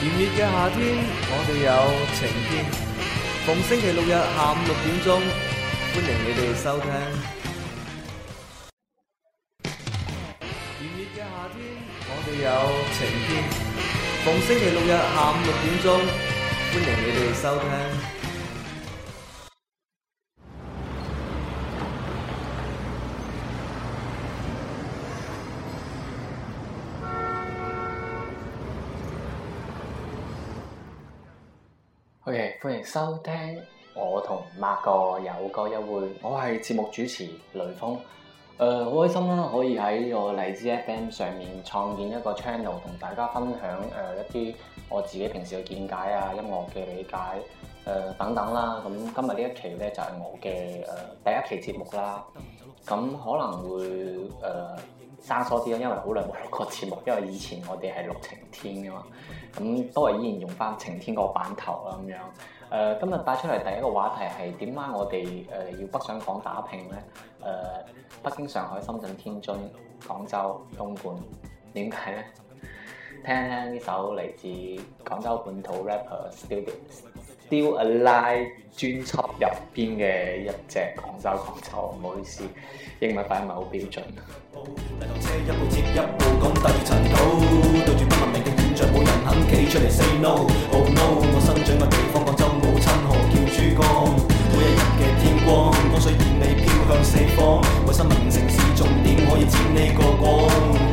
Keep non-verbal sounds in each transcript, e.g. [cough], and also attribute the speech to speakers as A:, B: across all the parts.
A: 炎熱嘅夏天，我哋有晴天。逢星期六日下午六點鐘，歡迎你哋收聽。
B: 炎熱嘅夏天，我哋
A: 有晴天。逢星期六日下午六點鐘，歡迎你哋收聽。
C: 歡迎收聽我同某個有個約會，我係節目主持雷鋒，誒、呃、好開心啦，可以喺呢個荔枝 FM 上面創建一個 channel，同大家分享誒、呃、一啲我自己平時嘅見解啊，音樂嘅理解誒、呃、等等啦，咁、啊、今日呢一期呢，就係、是、我嘅誒、呃、第一期節目啦，咁、啊、可能會誒。呃生疏啲咯，因為好耐冇錄過節目，因為以前我哋係錄晴天噶嘛，咁都係依然用翻晴天個版頭啦咁樣。誒、呃，今日帶出嚟第一個話題係點解我哋誒、呃、要北上廣打拼咧？誒、呃，北京、上海、深圳、天津、廣州、東莞，點解咧？聽一聽呢首嚟自廣州本土 rapper Studios。《Alive》專輯入邊嘅一
A: 隻廣州廣州，唔好意思，英文版唔係好標準。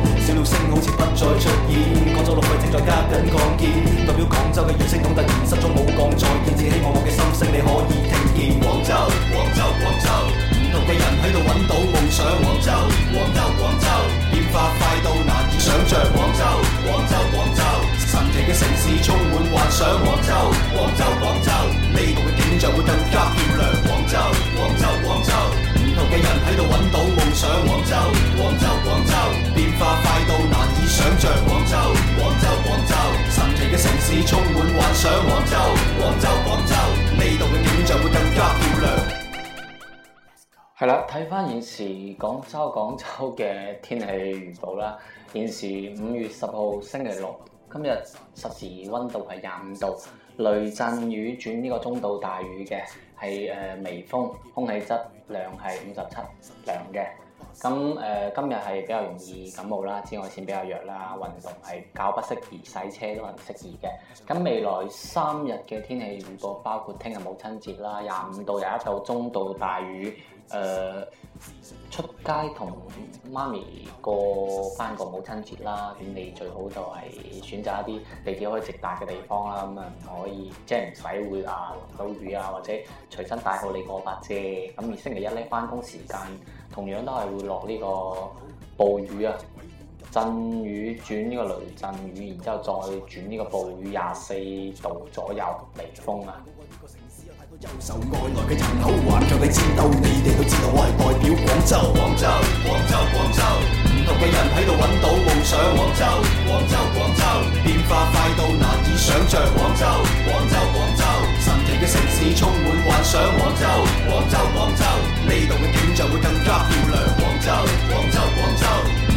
A: [music] [music] 星好似不再出現，廣州綠化正在加緊擴建，代表廣州嘅夜星總突然心中冇降再現，只希望我嘅心聲你可以聽見。廣州，廣州，廣州，唔同嘅人喺度揾到夢想。廣州，廣州，廣州，變化快到難以想像。廣州，廣州，廣州，神奇嘅城市充滿幻想。廣州，廣州，廣州，呢度嘅景象會更加漂亮。廣州。人喺度揾到夢想，廣州，廣州，廣州，變化快到難以想像，廣州，廣州，廣州，神奇嘅城市充滿幻想，廣州，廣州，廣州，呢度嘅景象會更加漂亮。
C: 係啦，睇返現時廣州廣州嘅天氣預報啦。現時五月十號星期六，今日實時溫度係廿五度，雷陣雨轉呢個中到大雨嘅，係誒、呃、微風，空氣質量係五十七量嘅，咁誒、呃、今日係比較容易感冒啦，紫外線比較弱啦，運動係較不適宜，洗車都係唔適宜嘅。咁未來三日嘅天氣預報包括聽日母親節啦，廿五度有一度，中度大雨，誒、呃。出街同媽咪過翻個母親節啦，咁你最好就係選擇一啲地鐵可以直達嘅地方啦，咁啊唔可以即係唔使會啊落到雨啊，或者隨身帶好你個雨遮。咁而星期一咧，翻工時間同樣都係會落呢個暴雨啊，陣雨轉呢個雷陣雨，然之後再轉呢個暴雨，廿四度左右微風啊。優秀外來嘅人口頑強地戰鬥，你哋都知道我係代表廣州。廣州，廣州，廣州，唔同嘅人喺度揾到夢
A: 想。廣州，廣州，廣州，廣變化快到難以想象。廣州，廣州，廣州。神奇嘅城市充滿幻想。廣州，廣州，廣州。呢度嘅景象會更加漂亮。廣州，廣州，廣州。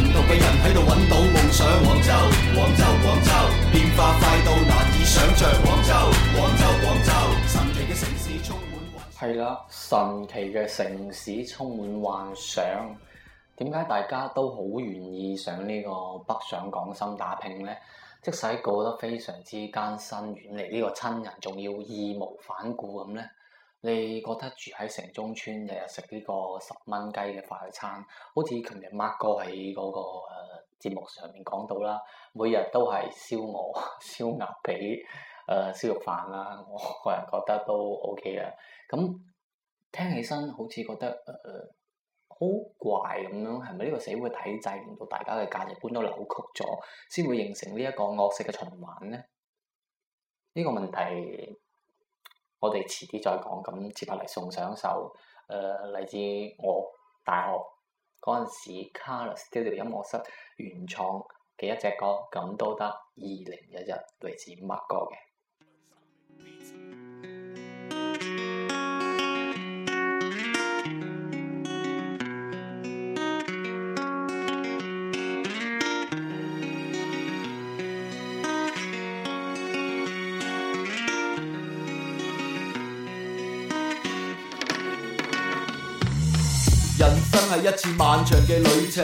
A: 唔同嘅人喺度揾到夢想。廣州，廣州，廣州。變化快到難以想象。廣州，廣州，廣州。
C: 係啦，神奇嘅城市充滿幻想。點解大家都好願意上呢個北上廣深打拼呢？即使過得非常之艱辛，遠離呢個親人，仲要義無反顧咁呢。你覺得住喺城中村，日日食呢個十蚊雞嘅快餐，好似琴日 Mark 哥喺嗰個誒、呃、節目上面講到啦，每日都係燒鵝、燒鴨髀。誒、呃、燒肉飯啦、啊，我個人覺得都 OK 啦。咁聽起身好似覺得誒好、呃、怪咁樣，係咪呢個社會體制令到大家嘅價值觀都扭曲咗，先會形成呢一個惡性嘅循環咧？呢、這個問題我哋遲啲再講。咁接下嚟送上一首誒嚟自我大學嗰陣時 Carlos Studio 音樂室原創嘅一隻歌，咁都得二零一一嚟自乜歌嘅？
A: 係一次漫長嘅旅程，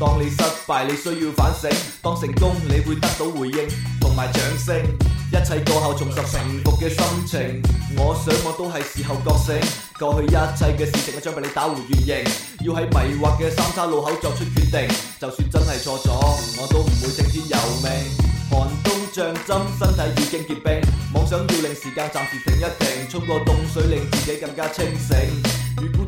A: 當你失敗，你需要反省，當成功，你會得到回應同埋掌聲。一切過後重拾成熟嘅心情，我想我都係時候覺醒。過去一切嘅事情都將被你打回原形，形，要喺迷惑嘅三岔路口作出決定。就算真係錯咗，我都唔會聽天由命。寒冬象針，身體已經結冰，妄想要令時間暫時停一停，衝個凍水令自己更加清醒。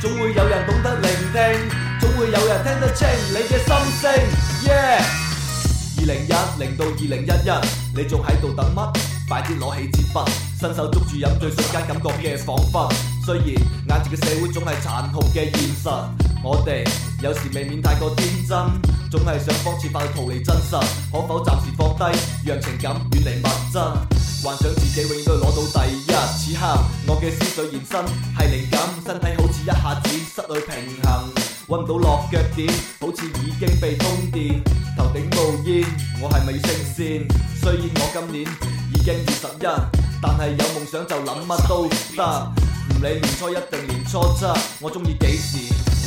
A: 總會有人懂得聆聽，總會有人聽得清你嘅心聲。Yeah，二零一零到二零一一，你仲喺度等乜？快啲攞起支筆，伸手捉住飲醉瞬間感覺嘅彷彿。雖然眼前嘅社會總係殘酷嘅現實。我哋有時未免太過天真，總係想方設法逃離真實。可否暫時放低，讓情感遠離物質？幻想自己永遠都攞到第一。此刻我嘅思緒延伸係靈感，身體好似一下子失去平衡，揾唔到落腳點，好似已經被通電。頭頂冒煙，我係咪要升仙？雖然我今年已經二十一，但係有夢想就諗乜都得，唔理年初一定年初七。我中意幾時？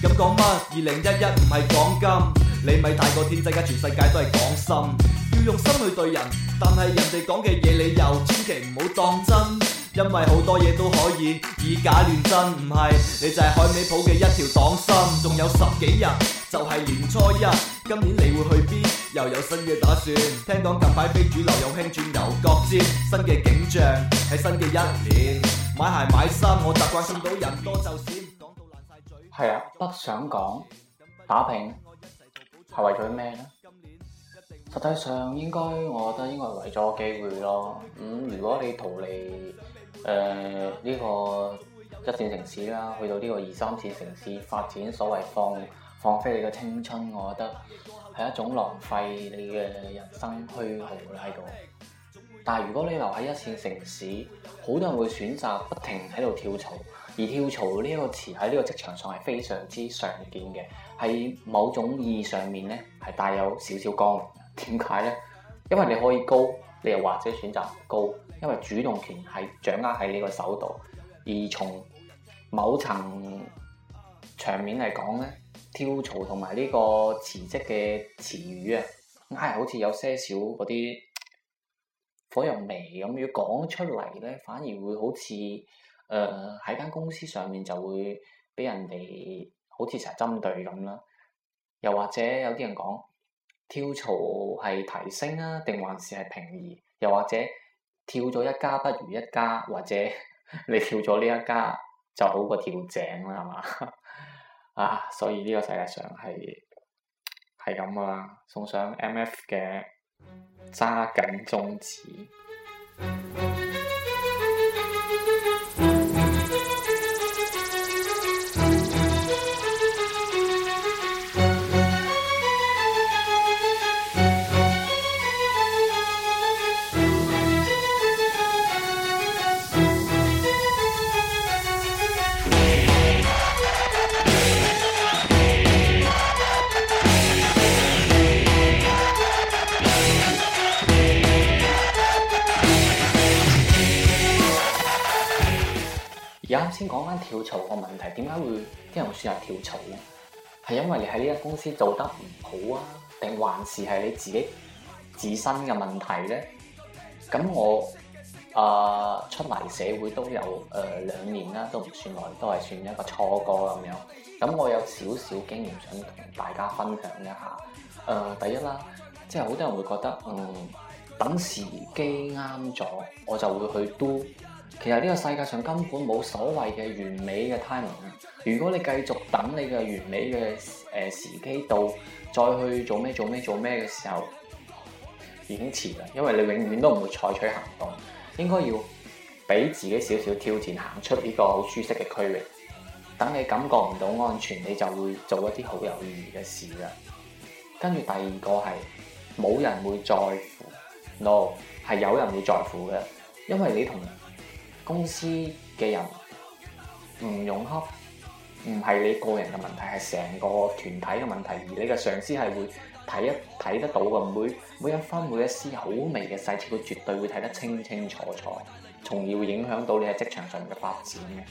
A: 咁講乜？二零一一唔係講金，你咪大過天真啦！全世界都係講心，要用心去對人，但係人哋講嘅嘢你又千祈唔好當真，因為好多嘢都可以以假亂真，唔係你就係海味舖嘅一條黨心。仲有十幾日就係年初一，今年你會去邊？又有新嘅打算？聽講近排非主流又興轉牛角尖，新嘅景象喺新嘅一
C: 年。買鞋買衫，我習慣送到人多就少。係啊，不想講打拼係為咗咩呢？實際上應該，我覺得應該係為咗機會咯。咁、嗯、如果你逃離誒呢、呃呢個一線城市啦，去到呢個二三線城市發展，所謂放放飛你嘅青春，我覺得係一種浪費你嘅人生虛耗喺度。但係如果你留喺一線城市，好多人會選擇不停喺度跳槽。而跳槽呢個詞喺呢個職場上係非常之常見嘅，喺某種意義上面呢，係帶有少少光榮。點解呢？因為你可以高，你又或者選擇唔高，因為主動權係掌握喺你個手度。而從某層場面嚟講呢，跳槽同埋呢個辭職嘅詞語啊，唉、哎，好似有些少嗰啲火藥味咁，要講出嚟呢，反而會好似～誒喺間公司上面就會俾人哋好似成日針對咁啦，又或者有啲人講跳槽係提升啊，定還是係平移？又或者跳咗一家不如一家，或者 [laughs] 你跳咗呢一家就好過跳井啦，係嘛？ [laughs] 啊，所以呢個世界上係係咁噶啦，送上 M.F. 嘅揸緊中指。而啱先講返跳槽個問題，點解會有啲人會算係跳槽咧？係因為你喺呢間公司做得唔好啊，定還是係你自己自身嘅問題咧？咁我啊、呃、出嚟社會都有誒、呃、兩年啦，都唔算耐，都係算一個錯過咁樣。咁我有少少經驗想同大家分享一下。誒、呃，第一啦，即係好多人會覺得嗯，等時機啱咗，我就會去做。其實呢個世界上根本冇所謂嘅完美嘅 timing。如果你繼續等你嘅完美嘅誒、呃、時機到，再去做咩做咩做咩嘅時候已經遲啦。因為你永遠都唔會採取行動，應該要俾自己少少挑戰，行出呢個好舒適嘅區域。等你感覺唔到安全，你就會做一啲好有意義嘅事啦。跟住第二個係冇人會在乎，no 係有人會在乎嘅、no，因為你同公司嘅人唔融洽，唔係你個人嘅問題，係成個團體嘅問題。而你嘅上司係會睇一睇得到嘅，每每一分每一絲好微嘅細節，佢絕對會睇得清清楚楚，從而會影響到你喺職場上面嘅發展
A: 嘅。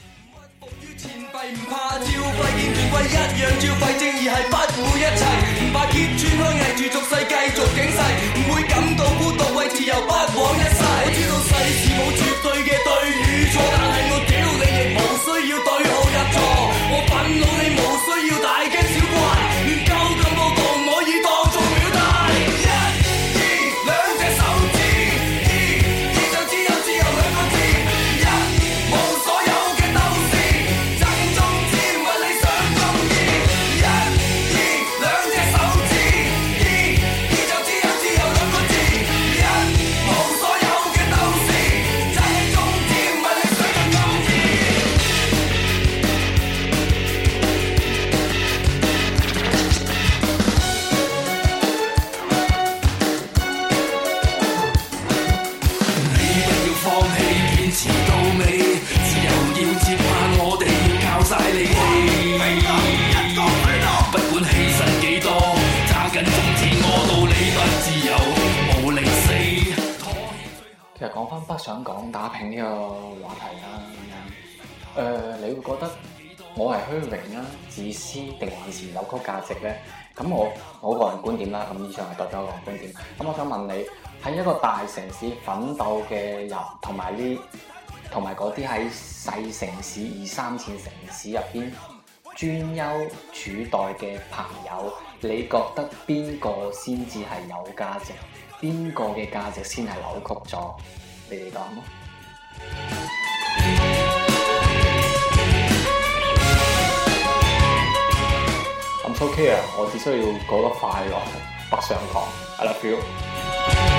C: 定還是扭曲價值呢？咁我我個人觀點啦，咁以上係代表我個人觀點。咁我想問你，喺一個大城市奮鬥嘅人，同埋呢，同埋嗰啲喺細城市、二三線城市入邊專優儲待嘅朋友，你覺得邊個先至係有價值？邊個嘅價值先係扭曲咗？你哋講。O K 啊，我只需要過得快樂，北上廣，I love you。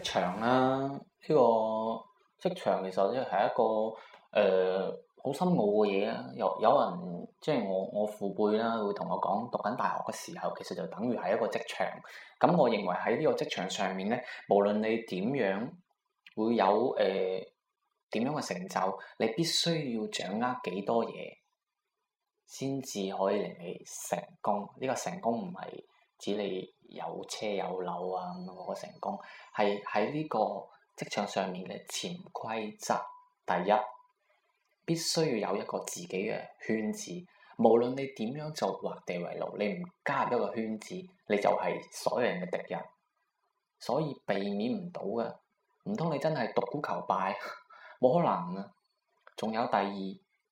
C: 職場啦、啊，呢、這個職場其實即係一個誒好、呃、深奧嘅嘢啊！有有人即係、就是、我我父輩啦，會同我講，讀緊大學嘅時候，其實就等於係一個職場。咁我認為喺呢個職場上面咧，無論你點樣會有誒點、呃、樣嘅成就，你必須要掌握幾多嘢，先至可以令你成功。呢、這個成功唔係指你。有車有樓啊！咁樣嗰個成功係喺呢個職場上面嘅潛規則。第一，必須要有一個自己嘅圈子。無論你點樣做畫地為牢，你唔加入一個圈子，你就係所有人嘅敵人，所以避免唔到嘅。唔通你真係獨孤求敗？冇 [laughs] 可能啊！仲有第二，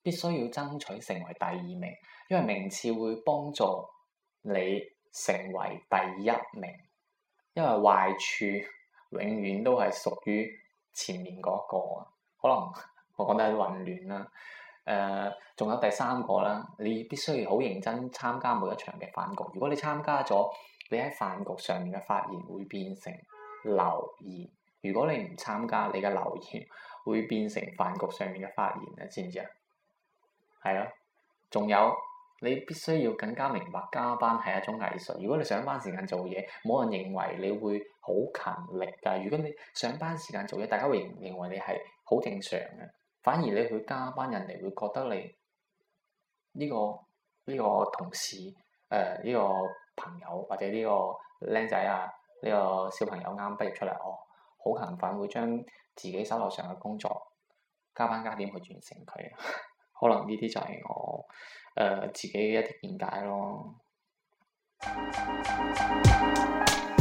C: 必須要爭取成為第二名，因為名次會幫助你。成為第一名，因為壞處永遠都係屬於前面嗰個，可能我講得有啲混亂啦。誒，仲有第三個啦，你必須要好認真參加每一場嘅飯局。如果你參加咗，你喺飯局上面嘅發言會變成留言；如果你唔參加，你嘅留言會變成飯局上面嘅發言啊，知唔知啊？係咯，仲有。你必須要更加明白加班係一種藝術。如果你上班時間做嘢，冇人認為你會好勤力㗎。如果你上班時間做嘢，大家會認認為你係好正常嘅。反而你去加班，人哋會覺得你呢、呢個呢、呢個同事，誒、呃、呢、呢個朋友或者呢個僆仔啊，呢、呢個小朋友啱啱畢業出嚟哦，好勤奮，會將自己手頭上嘅工作加班加點去完成佢。可能呢啲就係我誒、呃、自己嘅一啲見解咯。 [music]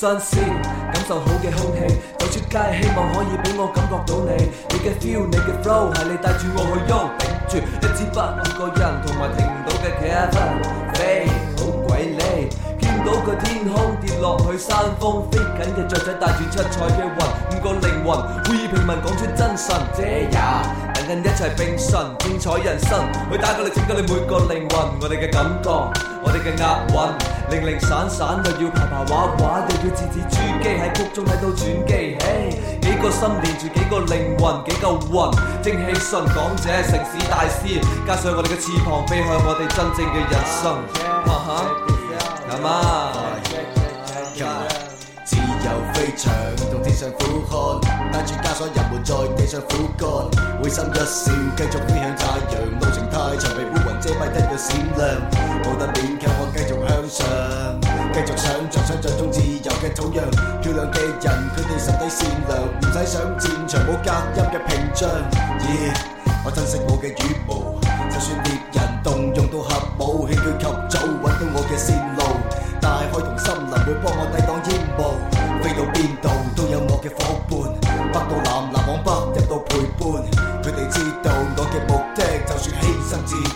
A: 新鮮，感受好嘅空氣，走出街，希望可以俾我感覺到你。你嘅 feel，你嘅 flow，係你帶住我去喐。Yo，頂住，一支筆，半個人，同埋停唔到嘅企起身，飛好鬼俐，見到個天空，跌落去山峰飛近，飛緊嘅雀仔帶住七彩嘅雲，五個靈魂，富裕平民講出真神，這也人人一齊並神，精彩人生，去打救你拯救你每個靈魂，我哋嘅感覺。我哋嘅押韻零零散散，又要排排畫畫，又要字字珠璣，喺谷中睇到轉機。Hey, 幾個心連住幾個靈魂，幾嚿魂蒸氣順講者，城市大師，加上我哋嘅翅膀，飛向我哋真正嘅人生。哈、uh、哈，阿媽，今日自由飛翔。地上苦旱，帶住枷鎖人們在地上苦幹。會心一笑，繼續飛向太陽。路程太長，被烏雲遮蔽，都要閃亮。冇得勉強，我繼續向上，繼續想像，想像中自由嘅土壤。漂亮嘅人，佢哋心底善良，唔使上戰場，冇隔音嘅屏障。而我珍惜我嘅羽毛，就算獵人動用到核武器，要及早揾到我嘅線路。大海同森林會幫我抵擋煙霧，飛到邊？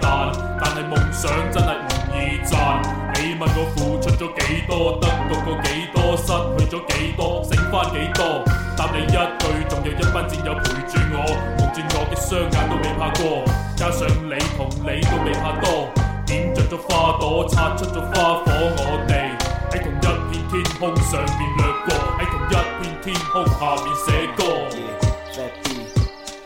A: 但但係夢想真係唔易賺。你問我付出咗幾多，得到過幾多，失去咗幾多，醒翻幾多？答你一句，仲有一班戰友陪住我，望住我嘅雙眼都未怕過，加上你同你都未怕多，點着咗花朵，擦出咗花火，我哋喺同一片天空上邊掠過，喺同一片天空下面寫歌。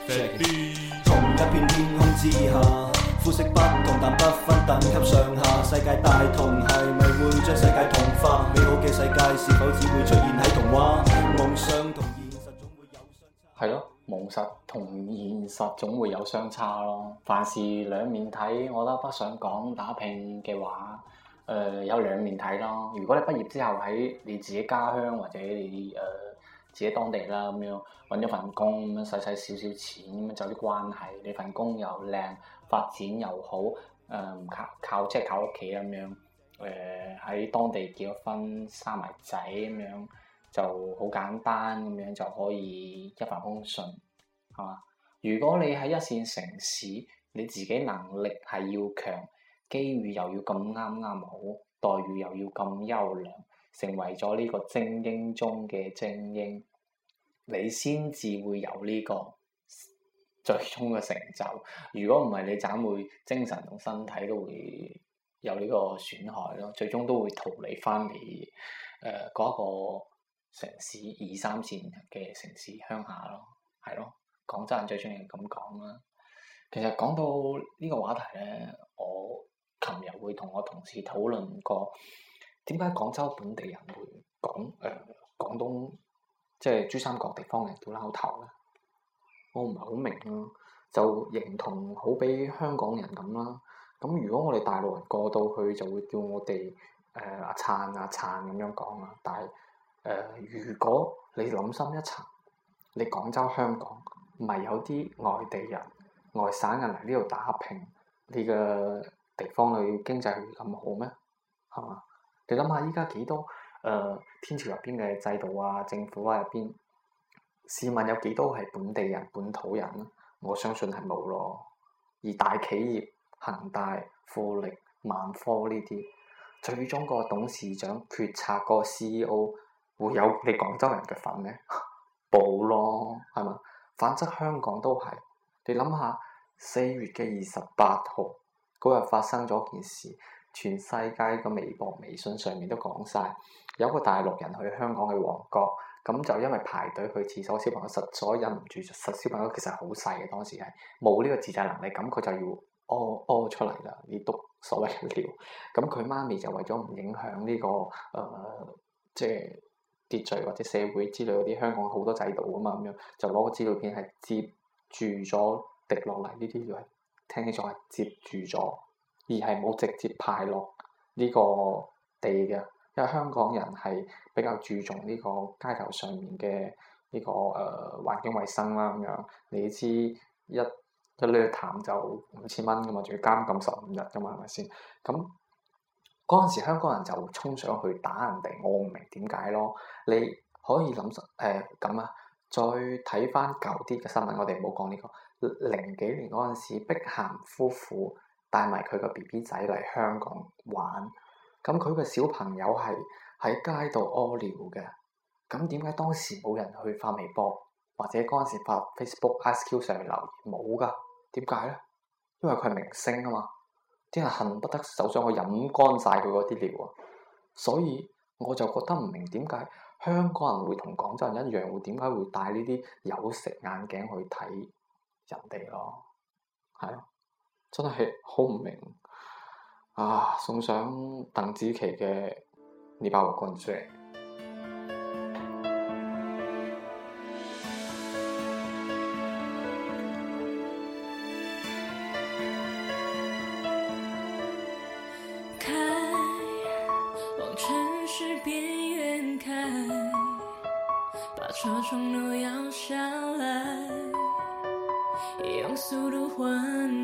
A: Yeah, be, 'd 同一片天空之下。膚色不同，但不分等級上下。世界大同係咪會將世界同化？美好嘅世界是否只會出現喺
C: 童話？夢想同現實總會有相差，係咯，夢實同現實總會有相差咯。凡事兩面睇，我都不想講打拼嘅話，誒、呃、有兩面睇咯。如果你畢業之後喺你自己家鄉或者你誒。呃自己當地啦咁樣，揾咗份工咁樣使使少少錢咁樣，走啲關係，你份工又靚，發展又好，誒、嗯、唔靠靠即係靠屋企咁樣，誒、呃、喺當地結咗婚，生埋仔咁樣，就好簡單咁樣就可以一帆風順，係嘛？如果你喺一線城市，你自己能力係要強，機遇又要咁啱啱好，待遇又要咁優良。成為咗呢個精英中嘅精英，你先至會有呢個最終嘅成就。如果唔係，你盞會精神同身體都會有呢個損害咯。最終都會逃離翻嚟誒嗰個城市，二三線嘅城市鄉下咯，係咯。廣州人最中意咁講啦。其實講到呢個話題咧，我琴日會同我同事討論過。點解廣州本地人會講誒、呃、廣東即係珠三角地方嚟叫撈頭咧？我唔係好明咯、啊，就形同好比香港人咁啦、啊。咁如果我哋大陸人過到去，就會叫我哋誒阿燦阿、啊、燦咁樣講啊。但係誒、呃，如果你諗深一層，你廣州香港唔係有啲外地人、外省人嚟呢度打拼，你嘅地方會經濟咁好咩？係嘛？你諗下，依家幾多誒天朝入邊嘅制度啊、政府啊入邊，試問有幾多係本地人、本土人咧？我相信係冇咯。而大企業，恒大、富力、萬科呢啲，最終個董事長、決策個 CEO 會有你廣州人嘅份咩？冇 [laughs] 咯，係嘛？反則香港都係。你諗下，四月嘅二十八號嗰日發生咗件事。全世界嘅微博、微信上面都講晒，有個大陸人去香港嘅旺角，咁就因為排隊去廁所，小朋友實在忍唔住，實小朋友其實好細嘅當時係冇呢個自制能力，咁佢就要屙屙、哦哦、出嚟啦，你篤所謂嘅尿。咁佢媽咪就為咗唔影響呢、呢個誒、呃，即係秩序或者社會之類嗰啲香港好多制度啊嘛，咁樣就攞個資料片係接住咗滴落嚟呢啲嘢，聽起上係接住咗。而係冇直接派落呢個地嘅，因為香港人係比較注重呢個街頭上面嘅呢個誒、呃、環境衞生啦咁樣。你知一一攣痰就五千蚊噶嘛，仲要監禁十五日噶嘛，係咪先？咁嗰陣時香港人就衝上去打人哋，我唔明點解咯。你可以諗誒咁啊，再睇翻舊啲嘅新聞，我哋唔好講呢個零幾年嗰陣時，碧咸夫婦，帶埋佢個 B B 仔嚟香港玩，咁佢個小朋友係喺街度屙尿嘅，咁點解當時冇人去發微博，或者嗰陣時發 Facebook、IQ 上面留言冇噶？點解咧？因為佢係明星啊嘛，啲人恨不得走上去飲乾晒佢嗰啲尿啊，所以我就覺得唔明點解香港人會同廣州人一樣，會點解會戴呢啲有色眼鏡去睇人哋咯，係咯。真係好唔明啊！送上鄧紫棋嘅《你把我灌醉》。
B: 開往城市邊緣，開，把車窗都搖下來，一樣用速度換。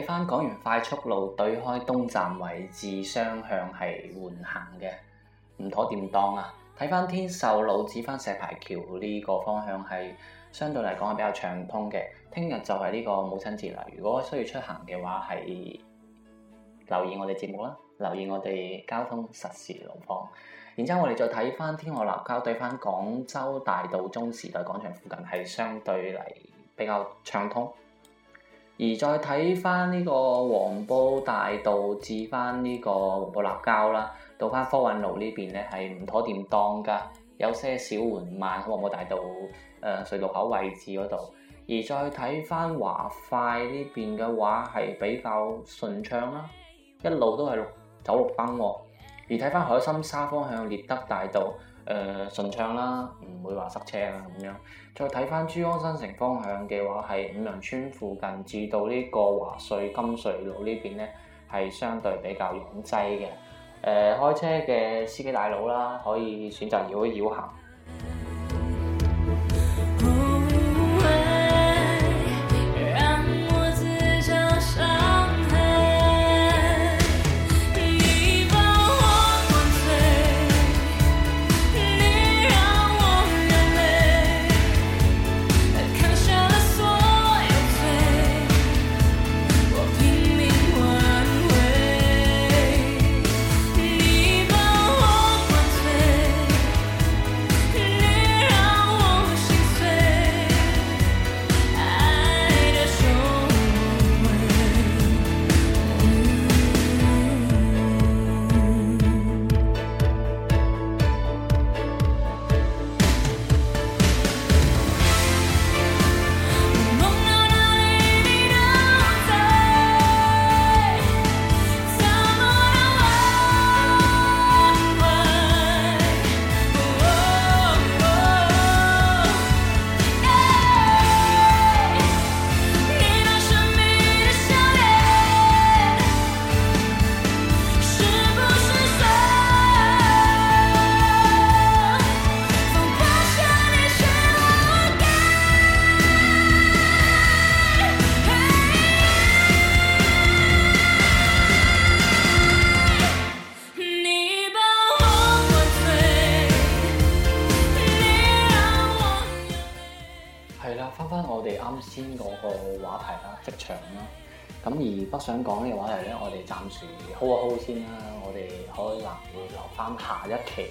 C: 睇翻港園快速路對開東站位置雙向係緩行嘅，唔妥掂當啊！睇翻天秀路指翻石牌橋呢個方向係相對嚟講係比較暢通嘅。聽日就係呢個母親節啦，如果需要出行嘅話，係留意我哋節目啦，留意我哋交通實時路況。然之後我哋再睇翻天河立交對翻廣州大道中時代廣場附近係相對嚟比較暢通。而再睇翻呢個黃埔大道至翻呢個黃埔立交啦，到翻科韻路呢邊咧係唔妥掂當噶，有些小緩慢。黃埔大道誒、隧道口位置嗰度，而再睇翻華快呢邊嘅話係比較順暢啦，一路都係走綠燈喎。而睇翻海心沙方向獵德大道。誒、呃、順暢啦，唔會話塞車啊咁樣。再睇翻珠江新城方向嘅話，係五羊村附近至到呢個華穗金穗路呢邊，呢係相對比較擁擠嘅。誒、呃、開車嘅司機大佬啦，可以選擇繞一繞行。不想講嘅話題咧，我哋暫時 hold 一 hold 先啦。我哋可能會留翻下，下一期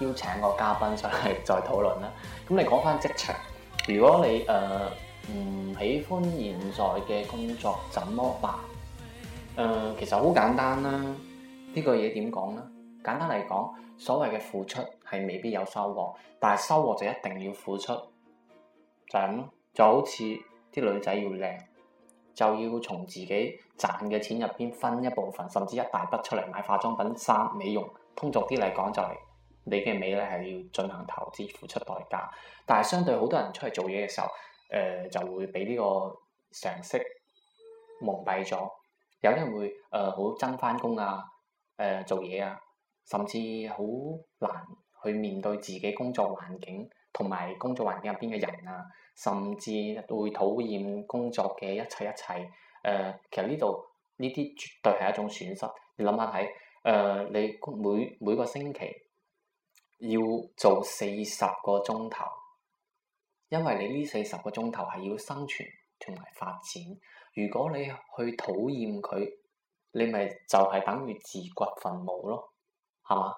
C: 邀請個嘉賓上嚟再討論啦。咁你講翻職場，如果你誒唔、呃、喜歡現在嘅工作，怎麼辦？誒、呃，其實好簡單啦、啊。呢、這個嘢點講呢？簡單嚟講，所謂嘅付出係未必有收穫，但係收穫就一定要付出。就係咁咯，就好似啲女仔要靚。就要從自己賺嘅錢入邊分一部分，甚至一大筆出嚟買化妝品、衫、美容。通俗啲嚟講，就係你嘅美麗係要進行投資，付出代價。但係相對好多人出嚟做嘢嘅時候，誒、呃、就會俾呢個常識蒙蔽咗。有啲人會誒好憎翻工啊，誒做嘢啊，甚至好難去面對自己工作環境同埋工作環境入邊嘅人啊。甚至會討厭工作嘅一切一切，誒、呃，其實呢度呢啲絕對係一種損失。你諗下睇，誒、呃，你每每個星期要做四十個鐘頭，因為你呢四十個鐘頭係要生存同埋發展。如果你去討厭佢，你咪就係等於自掘墳墓咯，係嘛？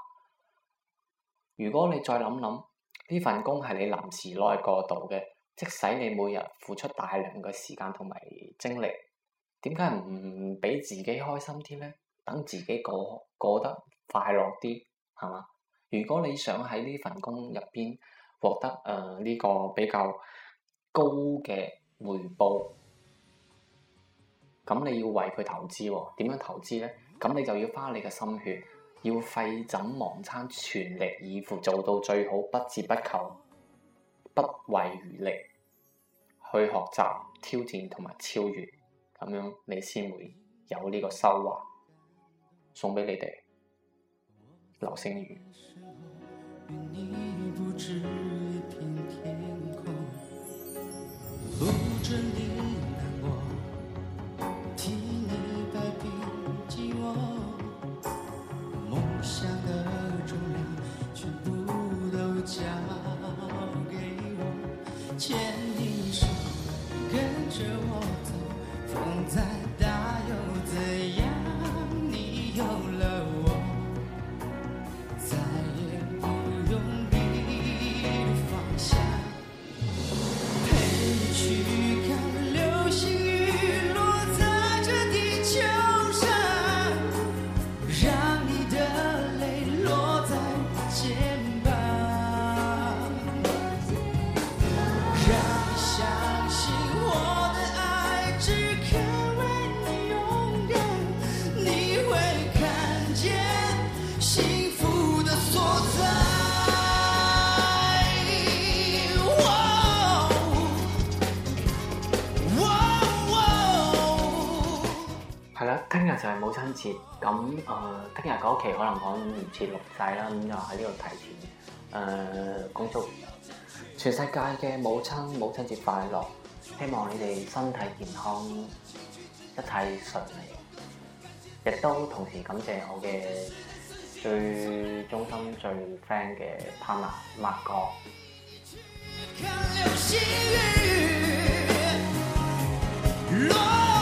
C: 如果你再諗諗，呢份工係你臨時攞去過渡嘅。即使你每日付出大量嘅時間同埋精力，點解唔俾自己開心啲咧？等自己過過得快樂啲，係嘛？如果你想喺呢份工入邊獲得誒呢、呃這個比較高嘅回報，咁你要為佢投資喎、哦。點樣投資咧？咁你就要花你嘅心血，要廢寢忘餐，全力以赴，做到最好，不折不扣。不遺餘力去學習挑戰、同埋超越，咁樣你先會有呢個收穫。送俾你哋流星雨。咁誒，聽日嗰期可能、嗯呃、講唔切錄曬啦，咁就喺呢度提前誒恭祝全世界嘅母親母親節快樂，希望你哋身體健康，一切順利，亦都同時感謝我嘅最忠心最 friend 嘅 partner，馬哥。 [music]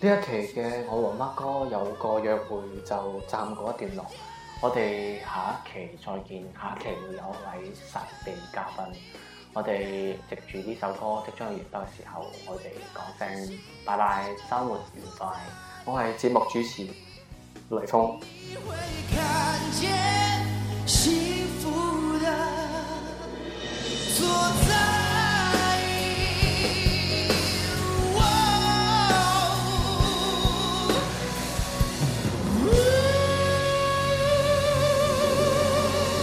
C: 呢一期嘅我和孖哥有個約會就暫過一段落，我哋下一期再見，下一期會有位特地嘉賓，我哋藉住呢首歌即將要結束嘅時候，我哋講聲拜拜，生活愉快，我係節目主持雷峰。